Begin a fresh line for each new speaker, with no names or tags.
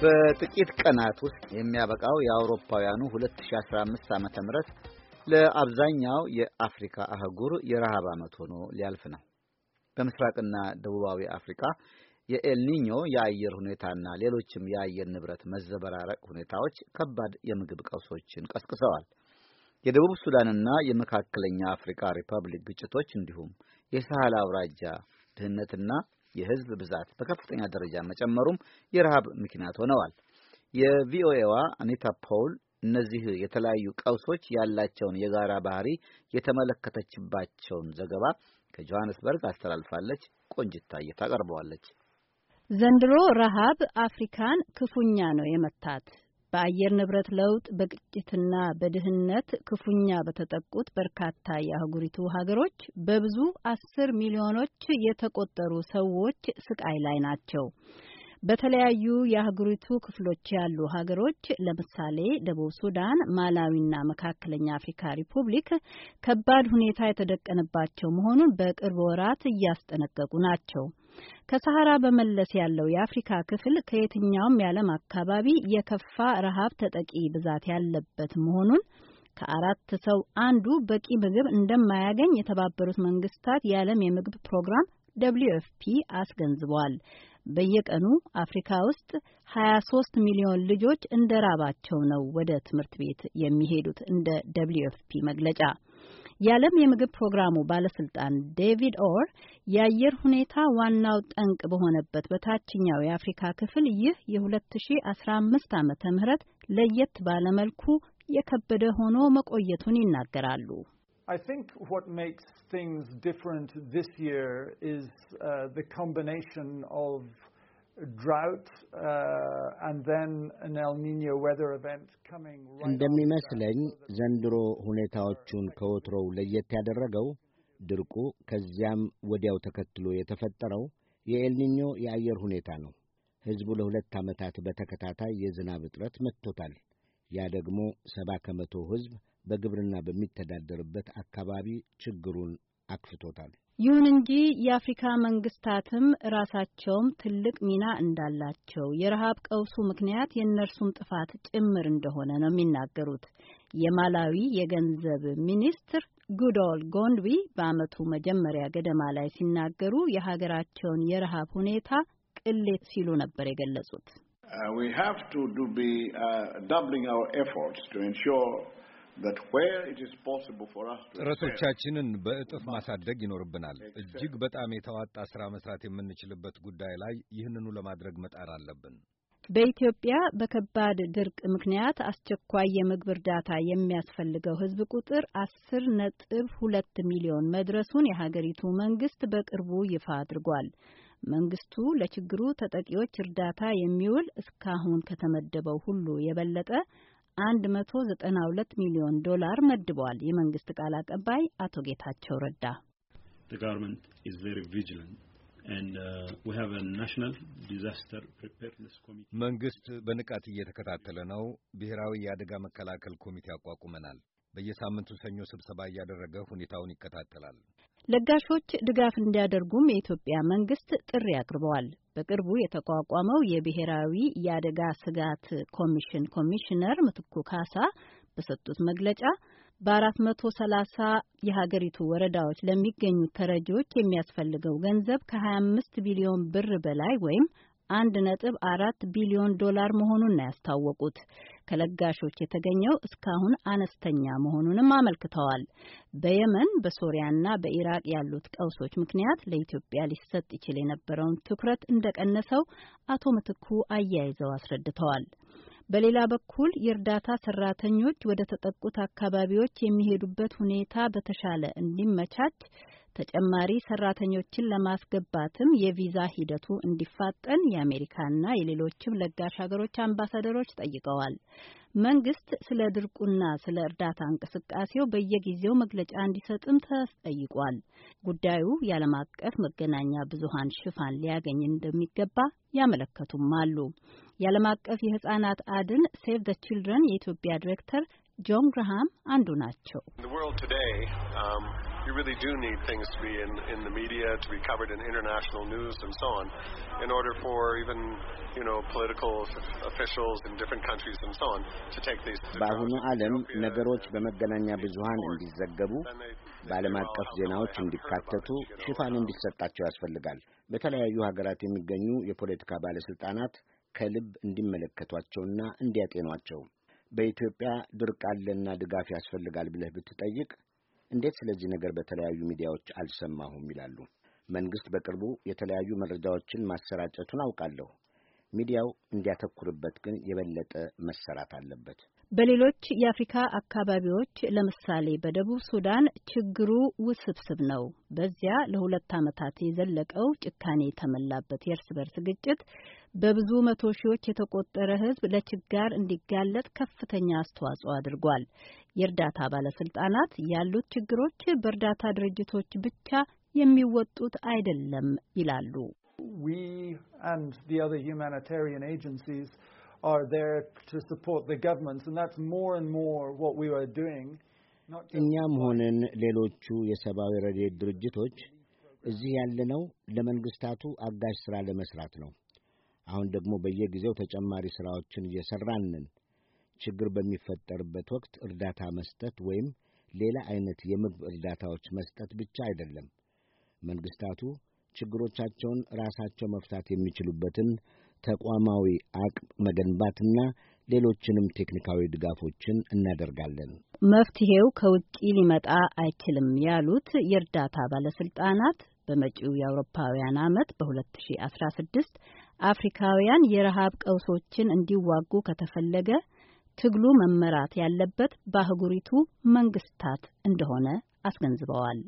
በጥቂት ቀናት ውስጥ የሚያበቃው የአውሮፓውያኑ 2015 ዓ ም ለአብዛኛው የአፍሪካ አህጉር የረሃብ ዓመት ሆኖ ሊያልፍ ነው። በምስራቅና ደቡባዊ አፍሪካ የኤልኒኞ የአየር ሁኔታና ሌሎችም የአየር ንብረት መዘበራረቅ ሁኔታዎች ከባድ የምግብ ቀውሶችን ቀስቅሰዋል። የደቡብ ሱዳንና የመካከለኛ አፍሪካ ሪፐብሊክ ግጭቶች እንዲሁም የሳህል አውራጃ ድህነትና የህዝብ ብዛት በከፍተኛ ደረጃ መጨመሩም የረሃብ ምክንያት ሆነዋል። የቪኦኤዋ አኒታ ፖውል እነዚህ የተለያዩ ቀውሶች ያላቸውን የጋራ ባህሪ የተመለከተችባቸውን ዘገባ ከጆሃንስበርግ አስተላልፋለች። ቆንጅታዬ ታቀርበዋለች።
ዘንድሮ ረሃብ አፍሪካን ክፉኛ ነው የመታት። በአየር ንብረት ለውጥ በግጭትና በድህነት ክፉኛ በተጠቁት በርካታ የአህጉሪቱ ሀገሮች በብዙ አስር ሚሊዮኖች የተቆጠሩ ሰዎች ስቃይ ላይ ናቸው። በተለያዩ የአህጉሪቱ ክፍሎች ያሉ ሀገሮች ለምሳሌ ደቡብ ሱዳን፣ ማላዊና መካከለኛ አፍሪካ ሪፑብሊክ ከባድ ሁኔታ የተደቀነባቸው መሆኑን በቅርብ ወራት እያስጠነቀቁ ናቸው። ከሰሃራ በመለስ ያለው የአፍሪካ ክፍል ከየትኛውም የዓለም አካባቢ የከፋ ረሃብ ተጠቂ ብዛት ያለበት መሆኑን ከአራት ሰው አንዱ በቂ ምግብ እንደማያገኝ የተባበሩት መንግስታት የዓለም የምግብ ፕሮግራም WFP ኤፍ አስገንዝቧል። በየቀኑ አፍሪካ ውስጥ 23 ሚሊዮን ልጆች እንደራባቸው ነው ወደ ትምህርት ቤት የሚሄዱት እንደ WFP መግለጫ። የዓለም የምግብ ፕሮግራሙ ባለስልጣን ዴቪድ ኦር የአየር ሁኔታ ዋናው ጠንቅ በሆነበት በታችኛው የአፍሪካ ክፍል ይህ የ2015 ዓመተ ምህረት ለየት ባለመልኩ የከበደ ሆኖ መቆየቱን ይናገራሉ። I think what makes things different this year is uh, the combination of Uh,
እንደሚመስለኝ ዘንድሮ ሁኔታዎቹን ከወትሮው ለየት ያደረገው ድርቁ ከዚያም ወዲያው ተከትሎ የተፈጠረው የኤልኒኞ የአየር ሁኔታ ነው። ሕዝቡ ለሁለት ዓመታት በተከታታይ የዝናብ እጥረት መጥቶታል። ያ ደግሞ ሰባ ከመቶ ሕዝብ በግብርና በሚተዳደርበት አካባቢ ችግሩን አክፍቶታል።
ይሁን እንጂ የአፍሪካ መንግስታትም ራሳቸውም ትልቅ ሚና እንዳላቸው የረሃብ ቀውሱ ምክንያት የእነርሱም ጥፋት ጭምር እንደሆነ ነው የሚናገሩት። የማላዊ የገንዘብ ሚኒስትር ጉዶል ጎንድዊ በአመቱ መጀመሪያ ገደማ ላይ ሲናገሩ የሀገራቸውን የረሃብ ሁኔታ ቅሌት ሲሉ ነበር የገለጹት። uh, ጥረቶቻችንን
በእጥፍ ማሳደግ ይኖርብናል። እጅግ በጣም የተዋጣ ስራ መስራት የምንችልበት ጉዳይ ላይ ይህንኑ ለማድረግ መጣር አለብን።
በኢትዮጵያ በከባድ ድርቅ ምክንያት አስቸኳይ የምግብ እርዳታ የሚያስፈልገው ሕዝብ ቁጥር አስር ነጥብ ሁለት ሚሊዮን መድረሱን የሀገሪቱ መንግስት በቅርቡ ይፋ አድርጓል። መንግስቱ ለችግሩ ተጠቂዎች እርዳታ የሚውል እስካሁን ከተመደበው ሁሉ የበለጠ 192 ሚሊዮን ዶላር መድበዋል። የመንግስት ቃል አቀባይ አቶ ጌታቸው ረዳ
uh, መንግስት በንቃት እየተከታተለ ነው። ብሔራዊ የአደጋ መከላከል ኮሚቴ አቋቁመናል። በየሳምንቱ ሰኞ ስብሰባ እያደረገ ሁኔታውን ይከታተላል።
ለጋሾች ድጋፍ እንዲያደርጉም የኢትዮጵያ መንግስት ጥሪ አቅርበዋል። በቅርቡ የተቋቋመው የብሔራዊ የአደጋ ስጋት ኮሚሽን ኮሚሽነር ምትኩ ካሳ በሰጡት መግለጫ በ430 የሀገሪቱ ወረዳዎች ለሚገኙ ተረጂዎች የሚያስፈልገው ገንዘብ ከ25 ቢሊዮን ብር በላይ ወይም አንድ ነጥብ አራት ቢሊዮን ዶላር መሆኑን ነው ያስታወቁት። ከለጋሾች የተገኘው እስካሁን አነስተኛ መሆኑንም አመልክተዋል። በየመን በሶሪያና በኢራቅ ያሉት ቀውሶች ምክንያት ለኢትዮጵያ ሊሰጥ ይችል የነበረውን ትኩረት እንደቀነሰው አቶ ምትኩ አያይዘው አስረድተዋል። በሌላ በኩል የእርዳታ ሰራተኞች ወደ ተጠቁት አካባቢዎች የሚሄዱበት ሁኔታ በተሻለ እንዲመቻች ተጨማሪ ሰራተኞችን ለማስገባትም የቪዛ ሂደቱ እንዲፋጠን የአሜሪካና የሌሎችም ለጋሽ ሀገሮች አምባሳደሮች ጠይቀዋል። መንግስት ስለ ድርቁና ስለ እርዳታ እንቅስቃሴው በየጊዜው መግለጫ እንዲሰጥም ተጠይቋል። ጉዳዩ የዓለም አቀፍ መገናኛ ብዙሃን ሽፋን ሊያገኝ እንደሚገባ ያመለከቱም አሉ። የዓለም አቀፍ የህጻናት አድን ሴቭ ዘ ቺልድረን የኢትዮጵያ ዲሬክተር ጆን ግርሃም አንዱ ናቸው።
በአሁኑ አለም ነገሮች በመገናኛ ብዙኃን እንዲዘገቡ
በአለም አቀፍ
ዜናዎች እንዲካተቱ ሽፋን um, እንዲሰጣቸው ያስፈልጋል። በተለያዩ ሀገራት የሚገኙ የፖለቲካ ባለስልጣናት ከልብ እንዲመለከቷቸውና እንዲያጤኗቸው። በኢትዮጵያ ድርቅ አለና ድጋፍ ያስፈልጋል ብለህ ብትጠይቅ እንዴት ስለዚህ ነገር በተለያዩ ሚዲያዎች አልሰማሁም ይላሉ። መንግሥት በቅርቡ የተለያዩ መረጃዎችን ማሰራጨቱን አውቃለሁ። ሚዲያው እንዲያተኩርበት ግን የበለጠ መሰራት አለበት።
በሌሎች የአፍሪካ አካባቢዎች ለምሳሌ በደቡብ ሱዳን ችግሩ ውስብስብ ነው። በዚያ ለሁለት ዓመታት የዘለቀው ጭካኔ የተሞላበት የእርስ በርስ ግጭት በብዙ መቶ ሺዎች የተቆጠረ ሕዝብ ለችጋር እንዲጋለጥ ከፍተኛ አስተዋጽኦ አድርጓል። የእርዳታ ባለስልጣናት ያሉት ችግሮች በእርዳታ ድርጅቶች ብቻ የሚወጡት አይደለም ይላሉ። are there to support the governments, and that's more and more what we are doing.
እኛም ሆንን ሌሎቹ የሰብአዊ ረድኤት ድርጅቶች እዚህ ያለነው ለመንግስታቱ አጋዥ ሥራ ለመስራት ነው። አሁን ደግሞ በየጊዜው ተጨማሪ ሥራዎችን እየሠራንን ችግር በሚፈጠርበት ወቅት እርዳታ መስጠት ወይም ሌላ አይነት የምግብ እርዳታዎች መስጠት ብቻ አይደለም። መንግስታቱ ችግሮቻቸውን ራሳቸው መፍታት የሚችሉበትን ተቋማዊ አቅም መገንባትና ሌሎችንም ቴክኒካዊ ድጋፎችን እናደርጋለን።
መፍትሄው ከውጭ ሊመጣ አይችልም ያሉት የእርዳታ ባለስልጣናት በመጪው የአውሮፓውያን ዓመት በ2016 አፍሪካውያን የረሃብ ቀውሶችን እንዲዋጉ ከተፈለገ ትግሉ መመራት ያለበት በአህጉሪቱ መንግስታት እንደሆነ አስገንዝበዋል።